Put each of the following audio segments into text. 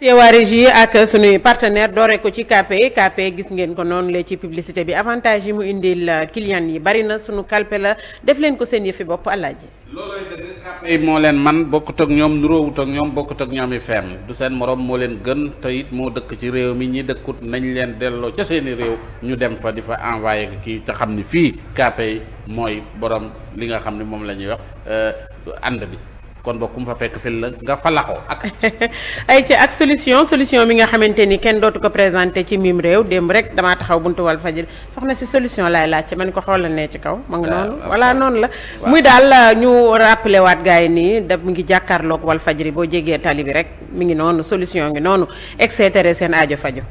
Siewa Régie ak sunuy partenaire doore ko ci KP KP gis ngeen ko noonu la ci publicité bi avantage yi mu indil euh, client yi bari na sunu kalpe def leen ko seen yëfi bopp àllaaji loolooy dëgg KP moo leen man bokkut ak ñoom nuróowut ak ñoom bokkut ñoom i feem du seen morom moo leen gën teyit moo dëkk ci réew mi ñi dëkkut nañu leen delloo ca seeni réew ñu dem fa di fa envoyé kii te xam ni fii KP mooy boroom li nga xam ne moom la ñuy wax euh, ànd bi kon bokk mu fa fekk fil la nga fa laxoo ak. ay ci ak solution solution mi nga xamante ni kenn dootu ko présenté ci miim réew démb rek damaa taxaw buntu wal fajir soxna si solution laay laajte man ko xoolal ne ci kaw. man nga ah, noonu voilà noonu la. muy daal ñu rappelé waat gars yi nii da mu ngi jàkkaarloog wal fajiri boo jegee tali bi rek mi ngi noonu solution ngi noonu et cetera seen aajo fajo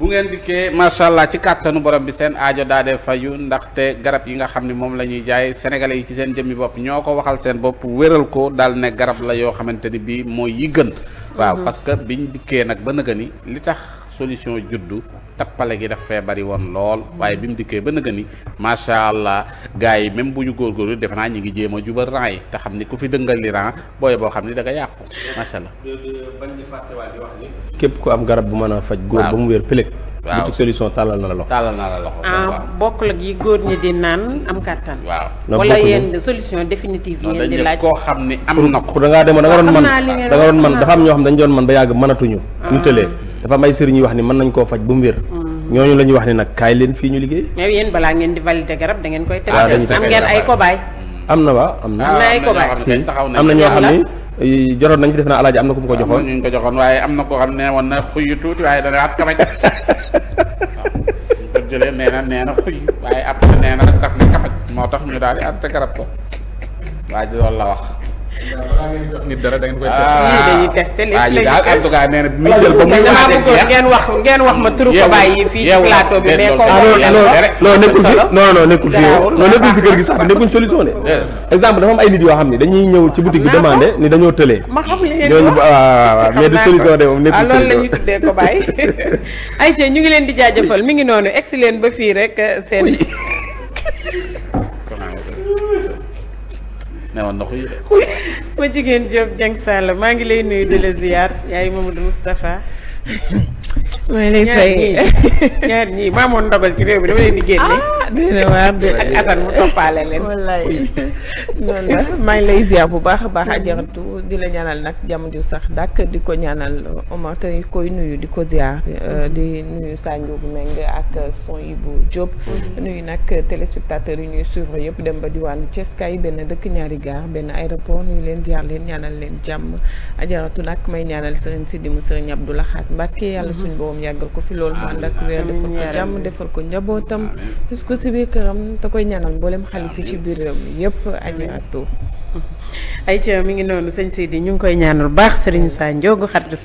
bu ngeen dikkee macha ci kàttanu borom bi seen aajo daade dee fayu ndaxte garab yi nga xam ne moom la ñuy jaay sénégalais yi ci seen jëmmi bopp ñoo ko waxal seen bopp wéral ko daal ne garab la yoo xamante ni bii mooy yi gën. waaw mhm. parce que biñ dikkee nag ba nëgë ni li tax solution juddu. tappale gi daf fee bari woon lool waaye bi mu dikkee ba nëgë ni macha allah gars yi même bu ñu góorgóorlu defe naa ñi ngi jéem a jubal rang yi te xam ni ku fi dëngal li rang boo xam ni da nga yàqu ku am garab bu mën a faj. góor ba mu wér pëlëg. tàllal na la loxo. tàllal na la loxo ah, waaw bokkul góor ñi di naan am kàttan. waaw wala yéen solution définitive yi ngeen di laaj koo xam ni am na ko. da ngaa demoon da nga doon man da nga man dafa am ñoo xam dañu doon man ba yàgg mënatuñu ah. ñu tëlee dafa am ay sëriñ ñuy wax ni mën nañ koo faj bu mu wér mm. ñooñu la ñuy wax ni nag kaay leen fii ñu liggéey mais yéen balaa ngeen di valider garab da ngeen koy test ah, am ngeen ay am na waa am na ay ah, kobaay am na ñoo xam ne joroon nañ def naa alaaji am na ku mu ko joxoon ñu ko joxoon waaye am na koo xam ne woon na xuyu tuuti waaye dana at kamañ ko jëlee nee na nee na xuy nee na daf ne moo tax ñu daal di ante garab ko waa ji la wax nit da ngeen koy ah. testé. lii dañuy testé lépp ah, la bëggoon ngeen wax ngeen wax ma turu ko bàyyi fii ci plateau bi mais non nekkul fi non non nekkul fi non nekkul fi kër gi sax nekkul solution de exemple dafa am ay nit yoo xam ne dañuy ñëw ci boutique bi demandé ni dañoo tëlee ma xam leen ah, waaw de moom tuddee ko bàyyi ay ñu ngi leen di jaajëfal mi ngi noonu egsi leen ba fii rek eh, seen newoon na xuy ma jigéen Diop Dieng Sall maa ngi lay nuyu di la ziar yaay Mamadou Moustapha maa ngi lay ñii maa ndogal ci réew mi dama leen di génne ah, dina ma am de ak Assane mu toppaale leen. wallaay maa ngi lay ziar bu baax a baax. ajaratu di la ñaanal nag jam ju sax dàkk di ko ñaanal Omar te koy nuyu di ko ziar. di euh, mhm. nuyu Sanjo bu Meng ak euh, son yi bu Diop. Mhm. nuyu nag téléspectateurs yi ñuy suivre yëpp dem ba diwaanu Thiès kay benn dëkk ñaari gaar benn aéroport nuyu leen ziar leen ñaanal leen jàmm ajaratu nag may ñaanal sëriñ Sidi mu sëriñ Abdou Lahad Mbacke yàlla mhm. suñu borom yàggal ko fi loolu mu ànd weer defal ko jàmm defal ko njabootam. si biir këram koy ñaanal mboolem xalif ci biir réew mi yëpp mi ngi noonu sëñ Seydi ñu ngi koy ñaanal baax Serigne Sa Ndiogou xaritu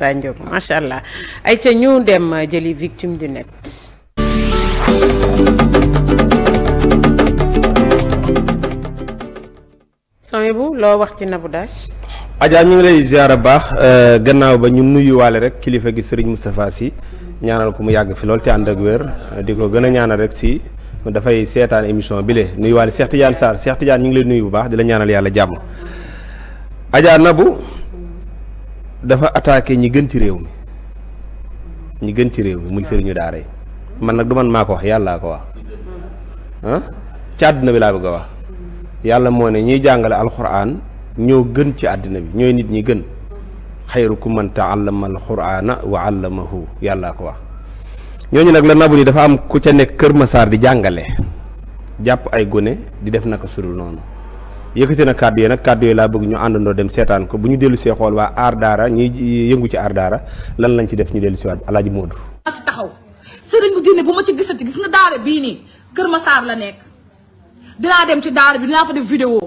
macha allah ayca ñu dem euh, jëli victime du net. bu loo wax ci nabu Dash. Adja ñu ngi lay ziar baax euh, gannaaw ba ñu nuyuwaale rek kilifa gi Serigne Moustapha Sy ñaanal ko mu yàgg fi loolu ci ànd ak wér di ko gën a ñaanal rek si dafay seetaan émission bi le nuyu waale Cheikh Tidiane Sarr Cheikh Tidiane ñu ngi lay nuyu bu baax di la ñaanal yàlla jàmm Adja Nabou dafa attaqué ñi gën ci réew mi ñi gën ci réew mi muy sëriñu daara yi man nag du man maa ko wax yàllaa ko wax ci àdduna bi laa bëgg a wax yàlla moo ne ñiy jàngale alxuraan ñoo gën ci àddina bi ñooy nit ñi gën xayrukum man taallama alxuraana wa allamahu yàllaa ko wax ñooñu nag la nabu ni dafa am ku ca nekk Kër Masaar di jàngale jàpp ay gone di def naka sudul noonu yëkkati na kàddu yi nag kàddu yi laa bëgg ñu àndandoo dem seetaan ko bu ñu dellu see xool waa aar daara ñuy yëngu ci aar daara lan lañ ci def ñu dellu si waat Moodu ak taxaw sëriñu diine bu ma ci gisati gis nga daara bii nii Kër Masaar la nekk dinaa dem ci daara bi dinaa fa def vidéo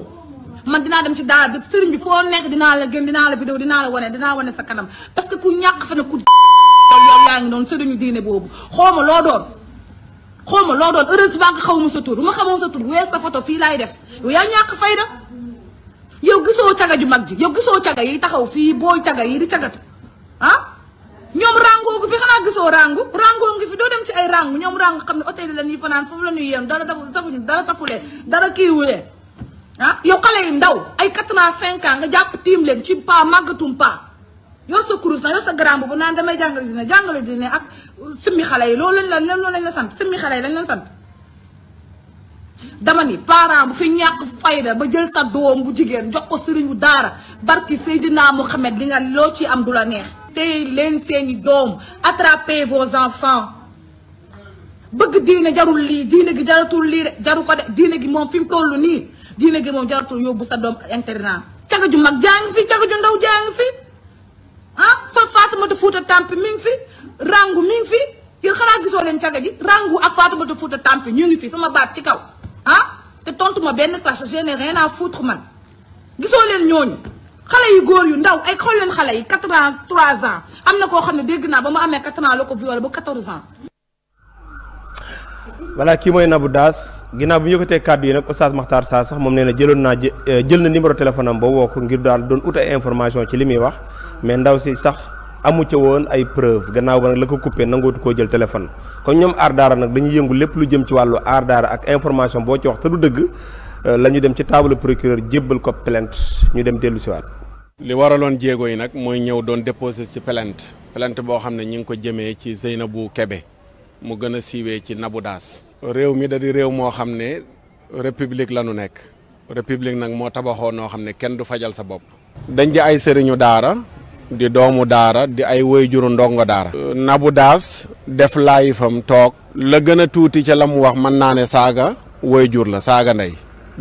man dinaa dem ci daara bi sëriñ bi foo nekk dinaa la gën dinaa la vidéo dinaa wone wane dinaa sa kanam parce que ku ñàkk fa ne ku yow yaa ngi doon sëriñu diine boobu xaw ma loo doon xaw ma loo doon heureusement que xaw ma sa tur bu ma xamoon sa tur weer sa photo fii laay def yow yaa ñàkk fayda yow gisoo caga ju mag ji yow gisoo caga yi taxaw fii booy caga yi di cagatu ah ñoom rango gu fi xanaa gisoo rango rango ngi fi doo dem ci ay rango ñoom rango xam ne hôtel yi la ñuy fanaan foofu la ñuy yem dara dafa safuñu dara safulee dara kiiwulee ah yow xale yi ndaw ay quatre ans cinq ans nga jàpp tiim leen ci pa màggatum pa yor sa kurus na yor sa grand boobu naan damay jàngale dina jàngale dina ak simmi xale yi loolu la loolu lañ sant simmi xale yi lañ la sant ni parent bu fi ñàkk fayda ba jël sa doom bu jigéen jox ko sëriñu daara barki Seydina Mohamed li nga loo ci am du la neex te leen seeni doom attrapez vos enfants bëgg diine jarul lii diine gi jaratul lii de jaru ko de diine gi moom fi mu nii diine gi moom jaratul yóbbu sa doom internat caga ju mag jaa ngi fi caga ju ndaw jaa ngi fi ah fa Faatumata Fuuta Tampi mi ngi fi rangu mi ngi fi yéen xanaa gisoo leen caga ji rangu ak Faatumata Fuuta Tampi ñu ngi fi sama baat ci kaw ah te tontu ma benn classe je n'ai rien à foutre man gisoo leen ñooñu xale yu góor yu ndaw ay xool leen xale yi quatre ans trois ans am na koo xam ne dégg naa ba mu amee quatre ans la ko violé ba quatorze ans. voilà kii mooy Nabou Daas ginnaaw bi ñu te kàddu yi nag oustaz Makhtar Sarr sax moom nee na jëloon naa euh, jël na numéro téléphone am woo ko ngir daal doon ut ay information ci li muy wax mais ndaw si sax amu ca woon ay preuve gannaaw ba nag la ko coupé nangootu ko jël téléphone kon ñoom aar daara nag dañu yëngu lépp lu jëm ci wàllu aar daara ak information boo ci wax te du dëgg euh, la ñu dem ci table procureur jébbal ko pelent ñu dem dellu siwaat li waraloon jéego yi nag mooy ñëw doon déposé ci plainte plainte boo xam ne ñi ngi ko jëmee ci Zeynabou Kébé mu gën a siiwee ci Nabou Daas réew mi da réew moo xam ne république la nu nekk république nag moo tabaxoo noo xam ne kenn du fajal sa bopp. dañ di ay sëriñu daara di doomu daara di ay woy woyjuru ndongo daara. nabu Daas def laayifam toog. la gën a tuuti ca la mu wax mën naa ne saaga woy jur la saaga ndey.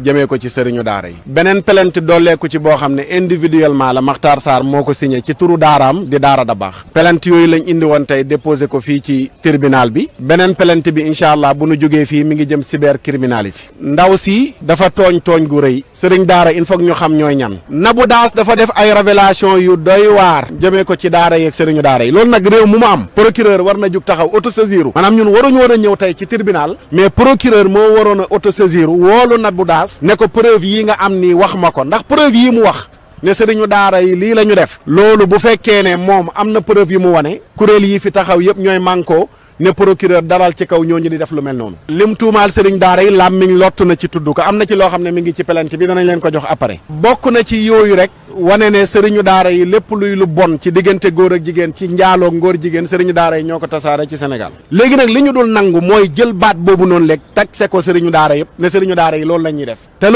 jëmee ko ci sëriñu daara yi beneen pelent plainte dooleeku ci boo xam ne individuellement la Makhtar saar moo ko signé ci turu daaraam di daara da baax plainte yooyu lañ indi woon tey déposé ko fii ci tribunal bi beneen pelent bi incha allah bu nu jógee fii mi ngi jëm cybercriminalité ndaw si dafa tooñ tooñ gu rëy sëriñ daara il faut ñu xam ñooy ñan Nabou Daas dafa def ay révélation yu doy waar jamee ko ci daara yeeg sëriñu daara yi loolu nag réew mu ma am procureur war na jug taxaw autosaisir maanaam ñun waruñu war a ñëw tey ci tribunal mais procureur moo waroon a autosaisir woolu Nabou Daas Seras ne ko preuve yi nga am ni wax ma ko ndax preuve yi mu wax ne sëriñu daara yi lii la ñu def loolu bu fekkee ne moom am na preuve yi mu wane kuréel yi fi taxaw yëpp ñooy mànkoo ne procureur daral ci kaw ñooñu di def lu mel noonu. lim tuumaal sëriñ daara yi làmmiñ lott na ci tudd ko am na ci loo xam ne mi ngi ci plainte bi danañ leen ko jox après. bokk na ci yooyu rek wane ne sëriñu daara yi lépp luy lu bon ci diggante góor ak jigéen ci njaaloo ngóor jigéen sëriñu daara yi ñoo ko tasaare ci Sénégal. léegi nag li ñu dul nangu mooy jël baat boobu noonu léeg taxe ko sëriñu daara yëpp ne sëriñu daara yi loolu la ñuy def. te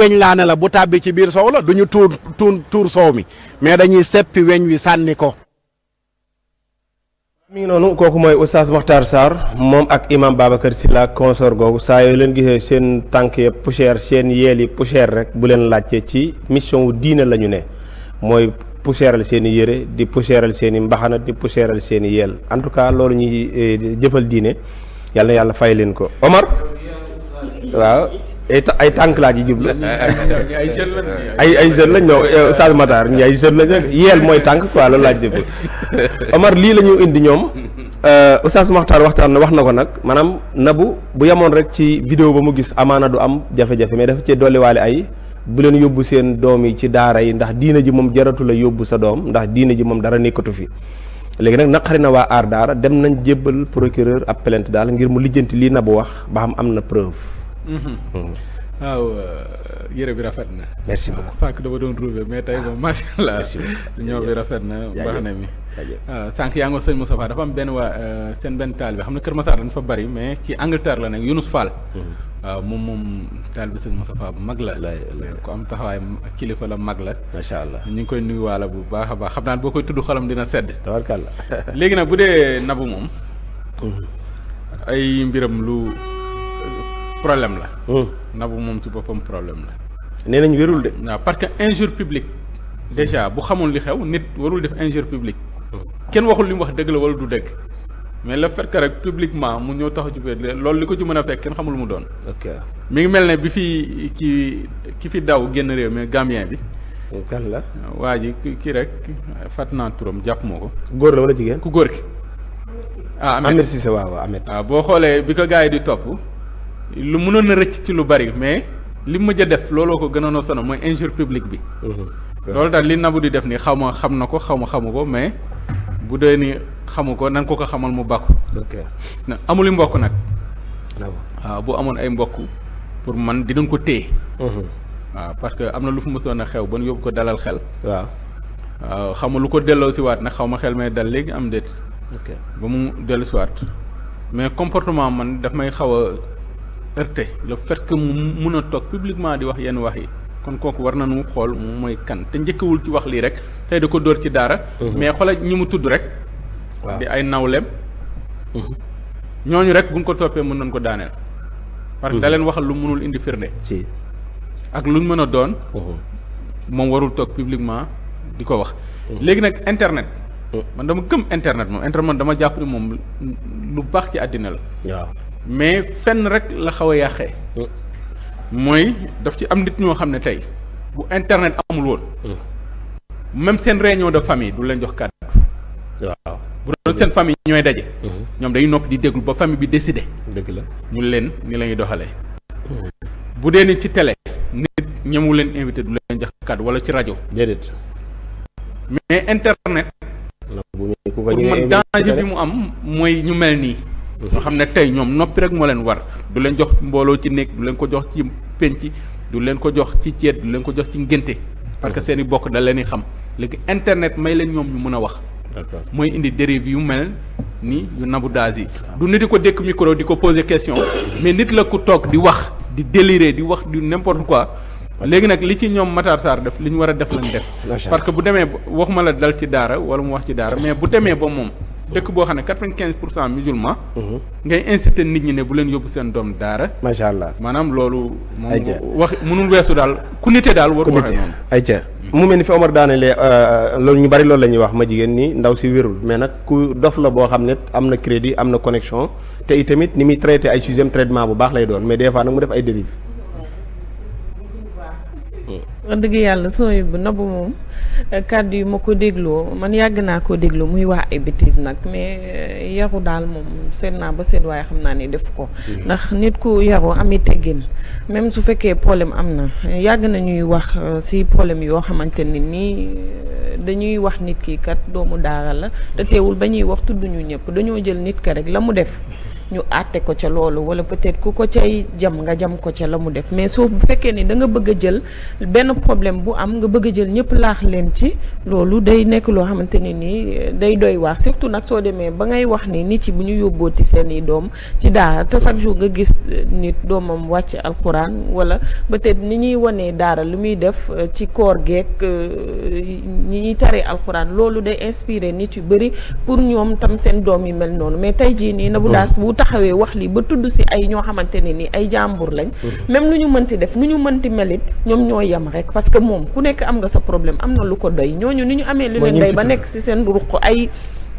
weñ laa la bu tàbbi ci biir soow la du ñu tuur tuur mi mais dañuy seppi weñ wi sànni ko mi ngi noonu kooku mooy oustaz waxtaar saar moom ak imam Babacar Sylla consor googu saa yoo leen gisee seen tànk ya poussière seen yeel yi poussière rek bu leen laajte ci mission wu diine la ñu ne mooy poussièreal seen i yére di poussièreal seen i mbaxana di poussièreal seeni i yeel en tout cas loolu ñuy eh, jëfal diine yàlla yàlla fay leen ko Omar waaw ay tànk laa ji jublu. ay jeunes ay ay jeunes lañ non eh, Sall ay jeunes lañ rek yeel mooy tànk quoi loolu laa jublu Omar lii la ñu indi ñoom euh, Oustaz Makhtar waxtaan na wax na ko nag maanaam nabu bu yemoon rek ci vidéo ba mu gis amaana du am jafe-jafe mais cee dolliwaale ay bu leen yóbbu seen doom yi ci daara yi ndax diina ji moom jaratu la yóbbu sa doom ndax diina ji moom dara nekkatu fi. léegi nag naqari na waa aar daara dem nañ jébbal procureur ab plainte daal ngir mu lijjanti lii nabu wax ba xam am na preuve. Mm-hmm. waaw uh, yére bi rafet na. merci ah, beaucoup sànq doon trouvé mais tey moom macha allah. ñoo bi rafet na baax na mi. waaw ah, sànq yaa ngi wax sëñ Moustapha dafa am benn waa uh, seen benn taal bi xam ne Kër Massar dañ fa bari mais ci Angleterre la nekk Younus Fall. Mm-hmm. Ah, moom moom taal bi sëñ Moustapha bu mag la. ku am taxawaay kilifa la mag la. macha allah ñu ngi koy nuyuwaale bu baax baax xam naa boo koy tudd xolam dina sedd. tabarkalla léegi nag bu dee nabu moom. Mm-hmm. ay mbiram lu. problème la. Hmm. Nabou moom ci boppam problème la. nee nañu wérul de. waaw parce que injure publique déjà bu xamul li xew nit warul def injure publique. kenn waxul li mu wax dëgg la wala du dëgg. mais la fait rek publiquement mu ñëw tax ci biir loolu li ko ci mën a fekk kenn xamul mu doon. ok mi ngi mel ne bi fi ki ki fi daw génn réew mi Gambien bi. kan la. waa ji kii rek fàttali naa turam jàpp moo ko. góor la wala jigéen ku góor ki. ah Ahmed Cissé waaw waaw Ahmed. waaw ah, boo xoolee bi ko gars lu mënoon na rëcc ci lu bari mais li mu mujj a def looloo ko gënoon a sono mooy injure publique bi. Mhm. loolu daal li Nabou di def nii xaw ma xam na ko xaw ma xamu ko mais bu dee ni xamu ko nan ko ko xamal mu bakku. na amul mbokk nag. waaw ah, bu amoon ay mbokk pour man dinañ ko téye. waaw mhm. ah, parce que am na lu fu mësoon a xew ba ñu yóbbu ko dalal xel. waaw waaw ah, lu ko delloosiwaat si nag xaw ma xel may dal léegi am déet. ba mu dellu si mais comportement man daf may xaw a. heurté le fait que mu mun a toog publiquement di wax yenn wax yi kon kooku war na nañu xool moom mooy kan te njëkkawul ci wax lii rek tey da ko dóor ci daara. Mhm. mais xoolal ñi mu tudd rek. waaw di ay nawleem. Mhm. ñooñu rek buñ ko toppee mën nañ ko daaneel. parce que mhm. da leen waxal lu mënul indi firnde. si ak luñ mën a doon. moom warul toog publiquement di ko wax. léegi nag internet. man dama këm internet moom internet man dama jàpp ni moom lu baax ci àddina la. mais fenn rek la xaw a yàqee. mooy daf ci am nit ñoo xam ne tey bu internet amul woon. même seen réunion de famille du leen jox kàddu. waaw bu doon seen famille ñooy daje. Mm-hmm. ñoom dañuy nokk di déglu ba famille bi décidé. dëgg la ñu leen ni lañuy ñuy doxalee. Mm-hmm. bu dee ni ci télé. nit ñemu leen invité du leen jox kàddu wala ci rajo. déedéet. mais internet. pour man danger bi mu am mooy ñu mel nii. ñoo xam ne tey ñoom noppi rek moo leen war du leen jox mbooloo ci néeg du leen ko jox ci penc du leen ko jox ci ceet du leen ko jox ci ngénte parce que seen i bokk da leen i xam léegi internet may leen ñoom ñu mën a wax mooy indi dérive yu mel ni yu nabu daas yi du nit ko dëkk micro di ko poser question mais nit la ku toog di wax di délirer di wax du n'importe quoi léegi nag li ci ñoom Matar Sarr def li ñu war a def lañ def parce que bu demee waxuma la dal ci daara wala mu wax ci daara mais bu demee ba moom dëkk boo xam ne quatre-vingt-quinze pour cent musulman mhm. ngay inciter nit ñi ne bu leen yóbbu seen doom daara. macha allah maanaam loolu. ayca moom wax mënul weesu daal ku nite daal. war waxe noonu ayca mhm. mu mel ni fi Omar daanelee euh, loolu ñu bari loolu la ñuy wax ma jigéen ni ndaw si wérul mais nag ku dof la boo xam ne am na crédit am na connexion te itamit ni muy traité ay sujet traitement bu baax lay doon mais des fois nag mu def ay dérives. wax dëgg yàlla sooy bu nabu moom kàddu yi ma ko dégloo man yàgg naa ko déglu muy wax ay bêtises nag mais eh, yaru daal moom seet naa ba seet waaye xam naa ne def ko hmm. ndax nit ku yaru ami teggin même su fekkee problème am na yàgg na ñuy wax eh, si problème yoo xamante ne nii eh, dañuy wax nit ki kat doomu daara la te teewul ba ñuy wax tudduñu ñëpp dañoo jël nit ka rek la mu def ñu àtte ko ca loolu wala peut-être ku ko cay jam nga jam ko ca la mu def mais soo bu fekkee ni danga nga bëgg jël benn problème bu am nga bëgg jël ñëpp laax leen ci loolu day nekk loo xamante ne nii euh, day doy waar surtout nag soo demee ba ngay wax ni nit yi bu ñu yóbbooti seeni doom ci daara te chaque jour nga gis euh, nit doomam wàcc alxuraan wala peut-être ni ñuy wanee daara lu muy def euh, ci koor geek ñi ñuy taree alxuraan loolu day inspirer nit yu bëri pour ñoom tam seen doom yi mel noonu mais tey jii taxawee wax lii ba tudd si ay ñoo xamante ne ni ay jàmbur lañ mm-hmm. même lu ñu mënti def lu ñu mënti melit ñoom ñoo yem rek parce que moom ku nekk am nga sa problème am na lu ko doy ñooñu ni ñu amee lu leen doy ba nekk si seen ruq ay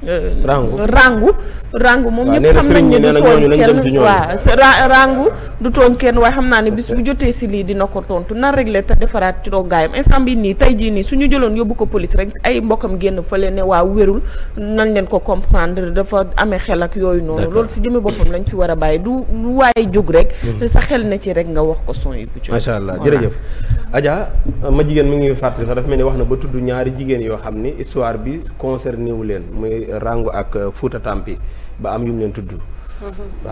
rangu rangu rangu moom ñëpp xam nañ ne du tooñ kenn waaw rangu du tooñ kenn waaye xam naa ne bis bu jotee si lii dina ko tontu na réglé te defaraat ci toggaayam instant bi nii tey ji nii su ñu jëloon yóbbu ko police rek ay mbokkam génn fële ne waaw wérul nañ leen ko comprendre dafa amee xel ak yooyu noonu loolu si jëme boppam lañ ci war a bàyyi du waaye jóg rek mm. te sa xel na ci rek nga wax ko son yi bu ci macha allah jërëjëf Adja ma jigéen mu ngi fàttali sax dafa mel ni wax na ba tudd ñaari jigéen yoo xam ni histoire bi concerné wu leen muy Rangou ak euh, Fouta Tampi ba am yu leen tudd. Mm-hmm.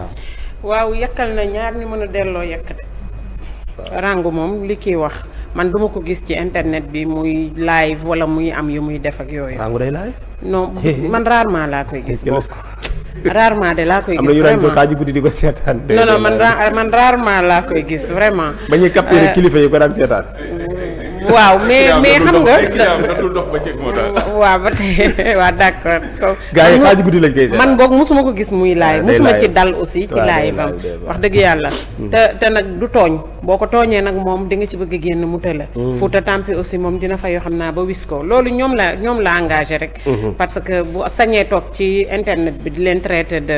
waaw waaw na ñaar ni mën a delloo yekk de. Rangou moom li kiy wax man duma ko gis ci internet bi muy live wala muy am yu muy def ak yooyu. Rangou day live. non man rarement laa koy gis. bokk rarement de laa koy gis. am na ñu guddi di ko seetaan. non non man man rarement laa koy gis vraiment. ba ñuy capté euh, kilifa yi ko daan seetaan. waaw mais mais xam nga. waaw ba tey waaw d' accord. man boog mosuma ko gis muy laay ah, mosuma ci dal aussi ci laay bam wax dëgg yàlla. Hmm. te te nag du tooñ boo ko tooñee nag moom di nga ci bëgg génn mu tëla. Hmm. Fouta Tampi aussi moom dina fay yoo xam naa ba wis ko loolu ñoom la ñoom la engagé rek. Hmm. parce que bu sañee toog ci internet bi di leen traité de.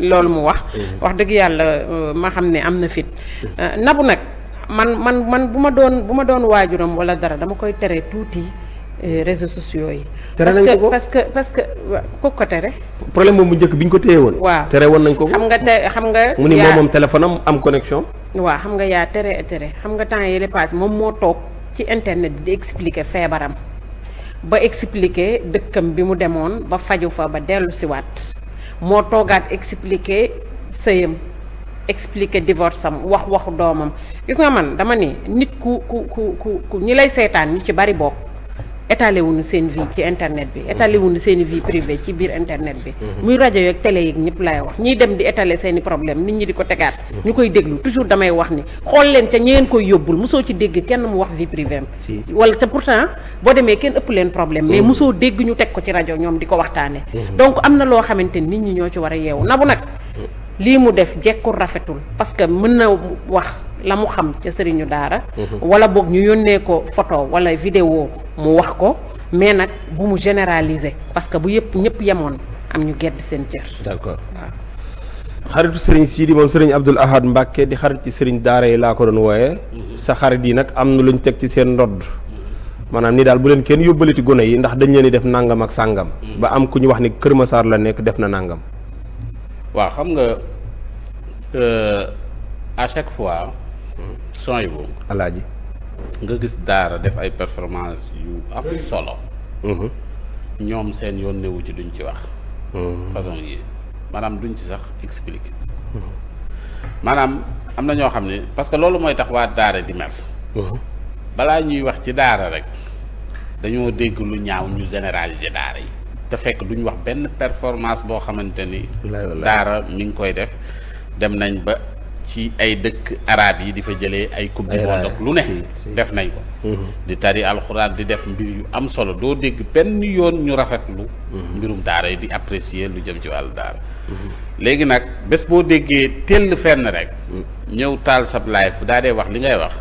loolu mu wax. wax dëgg yàlla euh, ma xam ne am na fit euh, nabu nag. man man man bu ma doon bu ma doon waajuram wala dara dama koy tere tuuti eh, réseaux sociaux yi. tere nañ ko parce que parce que ko ko tere. problème moom bu njëkk bi ñu ko téye woon. waa tere woon nañ ko. xam nga te xam nga. mu ni moom moom téléphone am am connexion. waaw xam nga yaa tere tere xam nga temps yii passé moom moo toog ci internet bi di expliquer feebaram ba expliquer dëkkam bi mu demoon ba faju fa ba dellu siwaat moo toogaat explique sëyam expliquer divorce am wax waxu doomam gis nga man dama ni nit ku ku ku ku ku ñi lay seetaan ñu ci bari bopp étalé wuñu seen vie ci internet bi étalé wuñu seen vie privée ci biir internet bi mhm. muy rajo yeeg télé yeeg ñëpp lay wax ñiy dem di étale seen i problème nit ñi di ko tegaat mhm. ñu koy déglu toujours damay wax ni xool leen ca ñeen koy yóbbul mosoo ci dégg kenn mu wax vie privée am wala te pourtant boo demee kenn ëpp leen problème mais mhm. mosoo dégg ñu teg ko ci rajo ñoom di ko waxtaane donc am na loo xamante nit ñi ñoo ci war a yeewu na bu nag lii mu def jekkul rafetul parce que mën na wax la mu xam ca sëriñu daara mhm. wala boog ñu yónnee ko photo wala vidéo mu wax ko mais nag bu mu généraliser parce que bu yëpp ñëpp yemoon am ñu gedd seen cër d'accord waaw xaritu sëriñ Sidi moom sëriñ Abdoul Ahad Mbacke di xarit ci sëriñ daara yi laa ko doon wooye mhm. sa xarit yi nag am na lu ñu teg ci seen ndodd maanaam ni daal bu leen kenn yóbbaliti gone yi ndax dañ leen di def nangam ak sàngam mhm. ba am ku ñu wax ni Kër Masaar la nekk def na nangam waaw xam nga euh, à chaque fois son boobu bu ji nga gis daara def ay performance yu am solo mhm. ñoom seen yoon newu ci duñ ci wax mhm. façon yi maanaam duñ ci sax expliquer mhm. maanaam am na ñoo xam ne parce que loolu mooy tax waa daara di mer balaa ñuy wax ci daara rek dañoo dégg lu ñaaw ñu généraliser daara yi te fekk duñ wax benn performance boo xamante ni daara mi ngi koy def dem nañ ba ci ay dëkk arab yi di fa jëlee ay coupe du monde ak lu ne def nañ ko mm-hmm. di tari alxuraan di def mbir yu am solo doo dégg benn yoon ñu rafet lu mm-hmm. mbirum daara yi di apprécier lu jëm ci wàll daara mm-hmm. léegi nag bés boo déggee tell fenn rek ñëw taal sab live bu daa dee wax li ngay wax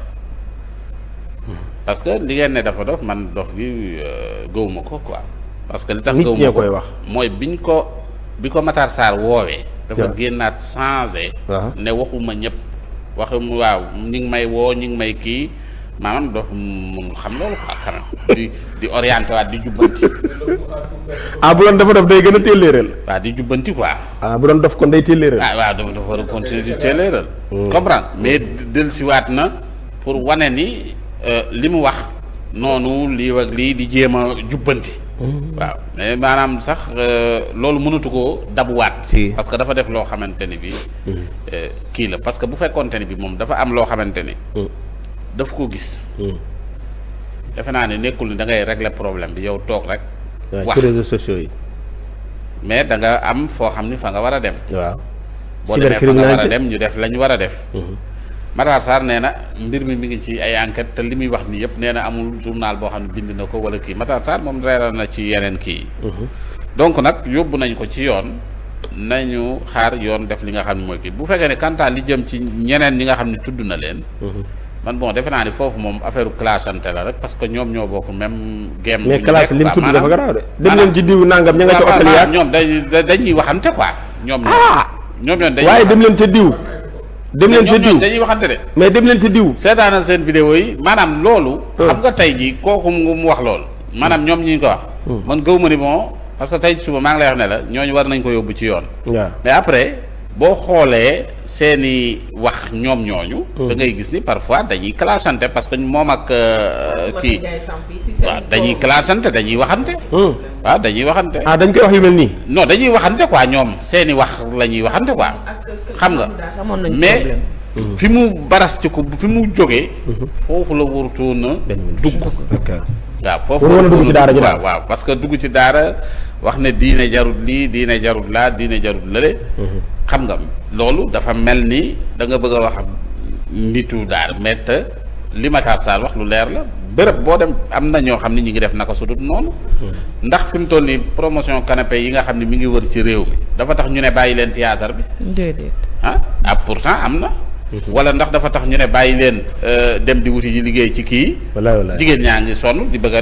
parce que li ngeen ne dafa dof man dof gi euh, gëwuma ko quoi parce que li tax gëwuma ko mooy biñ ko bi ko Matar Sarr woowee dafa génnaat changé ne waxuma ñëpp waxum waaw ñi may woo ñi ngi may kii maanaam doo xam loolu quoi quand di di orienté waat di jubbanti ah bu doon dafa def day gën a téeléeral waaw di jubbanti quoi ah bu doon def ko day téeléeral ah waaw dafa dafa war a continuer di téeléeral hmm. comprendre mais dellusiwaat na pour wane ni euh, li mu wax noonu lii ak lii di jéem a jubbanti waaw mais maanaam sax euh, loolu mënatu koo dabuwaat. parce que dafa def loo xamante ni bi hmm. euh, kii la parce que bu fekkoonte ni bi moom dafa am loo xamante ni. Hmm. daf ko gis. Hmm. defe naa ne nekkul ni da ngay régler problème bi yow toog rek. wax ci réseaux sociaux yi. mais da nga am foo xam ni fa nga war a dem. waaw boo demee fa nga war a dem ñu def la ñu war a def. Matar Sarr nee na mbir mi mi ngi ci ay enquête te li muy wax nii yëpp nee na amul journal boo xam ne bind na ko wala kii Matar saar moom reeral na ci yeneen kii mhm. donc nag yóbbu nañ ko ci yoon nañu xaar yoon def li nga xam ne mooy kii bu fekkee ne quant à li ci ñeneen ñi nga xam ne tudd na leen mhm. man bon defe naa ni foofu moom affaire classante la rek parce que ñoom ñoo bokk même. game mais classe li mu tudd dafa garaaw de. dem leen ci diw nangam ña nga ca hôtel yaag ñoom dañuy waxante quoi. ñoom ñoom ah! ñoom ñoom dañuy waaye dem leen ca diw. dem leen te diw dañuy waxante de. mais dem leen te diw. seetaanal seen vidéo yi maanaam loolu. Ah. xam nga tey jii kooku mu wax loolu. maanaam ñoom ñi ñu ko wax. Hmm. man gëw ma ni bon parce que tey suba maa ngi lay wax ne la ñooñu war nañ ko yóbbu ci yoon. mais après. boo xoolee seeni wax ñoom ñooñu. Mm. da ngay gis ni parfois dañuy clashante parce que moom ak euh, kii. waaw dañuy clashante dañuy waxante. Mm. waaw dañuy waxante. ah dañ koy wax yu mel nii. non dañuy waxante ko ñoom seen wax la ñuy waxante quoi. xam nga mais. Mm. fi mu barastiku fi mu jógee. Mm-hmm. foofu la warutoon a dugg. waaw foofu la dugg ci daara waaw parce que dugg ci daara wax ne diine jarul lii diine jarul laa diine jarul lële. Mm-hmm. xam nga loolu dafa mel ni da nga bëgg a wax nitu daal mais te li Matar Sall wax lu leer la bërëb boo dem am na ñoo xam ne ñu ngi def naka sudut noonu. ndax fi mu toll nii promotion kanape yi nga xam ne mi ngi wër ci réew mi dafa tax ñu ne bàyyi leen théâtre bi. déedéet ah ah pourtant am na. wala ndax dafa tax ñu ne bàyyi leen euh, dem di wuti ji liggéey ci kii. jigéen ñaa ngi sonn di bëgg a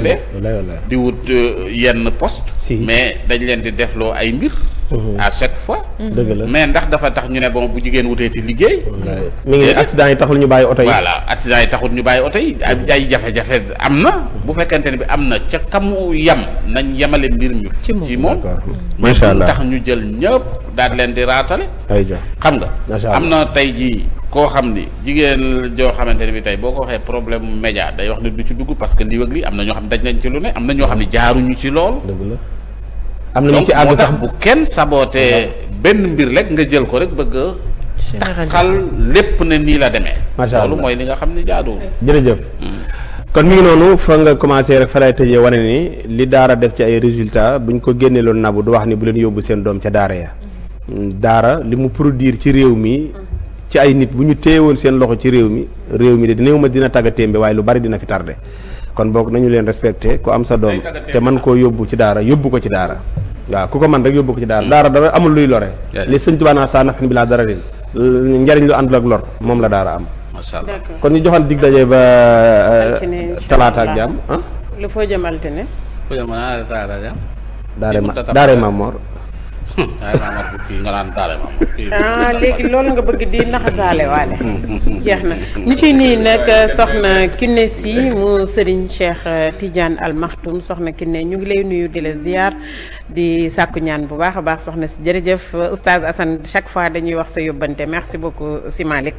di wut euh, yenn poste mais dañ leen di defloo ay mbir. Mm-hmm. à chaque fois. Mm-hmm. dëgg la mais ndax dafa tax ñu ne bon bu jigéen wuteeti liggéey. Mm-hmm. mi ngi accident yi taxul ñu bàyyi oto yi. voilà yi taxul ñu bàyyi oto yi ay jafe-jafe am na. bu fekkente ne bi am na ca kamu yam nañ yemale mbir mi. ci moom macha allah tax ñu jël ñëpp daal leen di raatale. xam nga am na tey jii. koo xam ni jigéen joo xamante ne bi tey boo ko waxee problème média day wax ne du ci dugg parce que lii ak lii am na ñoo xam ne daj nañ ci lu ne am na ñoo xam ne jaaruñu ci lool. am na ñu ci àgg sax bu kenn sabootee benn mbir rek nga jël ko rek bëgg a taxal lépp na nii la demee macha allah loolu mooy li nga xam ne jaaduwul jërëjëf kon mu ngi noonu fa nga commencé rek fa lay tëjee wane ni li daara def ci ay résultats buñ ko génnee loon nabu du wax ni bu leen yóbbu seen doom ca daara ya daara li mu produire ci réew mi ci ay nit bu ñu téyewoon seen loxo ci réew mi réew mi de néew ma dina tagga bi waaye lu bari dina fi tardé kon bokk nañu leen respecté ku am sa doom te mën koo yóbbu ci daara yóbbu ko ci daara waaw ku ko man rek yóbbu ko ci daara daara dara amul luy lore li sëñ Tuubaa saa nafin bi laa dara din njariñ lu àndul ak lor moom la daara am macha kon ñu joxoon dig daje ba euh, talaata ak jàmm ah lu foo jëm altine foo ah, ma daare ma moor ah, léegi loolu nga bëgg di naxasaale waale jeex na ñu ciy nii nag soxna Kiné si mu Serigne Cheikh Tidiane Al Maktoum soxna Kiné ñu ngi lay nuyu di la ziar di sàkku ñaan bu baax a baax soxna si jërëjëf oustaz assan chaque fois dañuy wax sa yóbbante merci beaucoup si Malick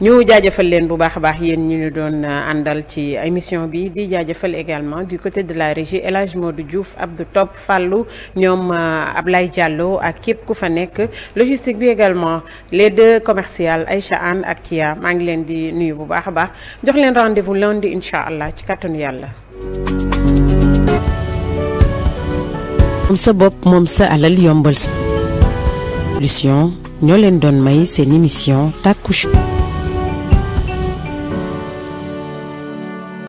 ñu jaajëfal leen bu baax a baax yéen ñu ñu doon euh, àndal ci émission bi di jaajëfal également du côté de la régie El du Modou Diouf Abdou Top Fallou ñoom euh, lay jàlloo ak képp ku fa nekk logistique bi également les deux commercial Aïcha Anne ak Kia maa ngi leen di nuyu bu baax a baax jox leen rendez londi lundi incha allah ci kàttanu yàlla. moom sa bopp moom sa alal yombal solution ñoo leen doon may seen émission takku Show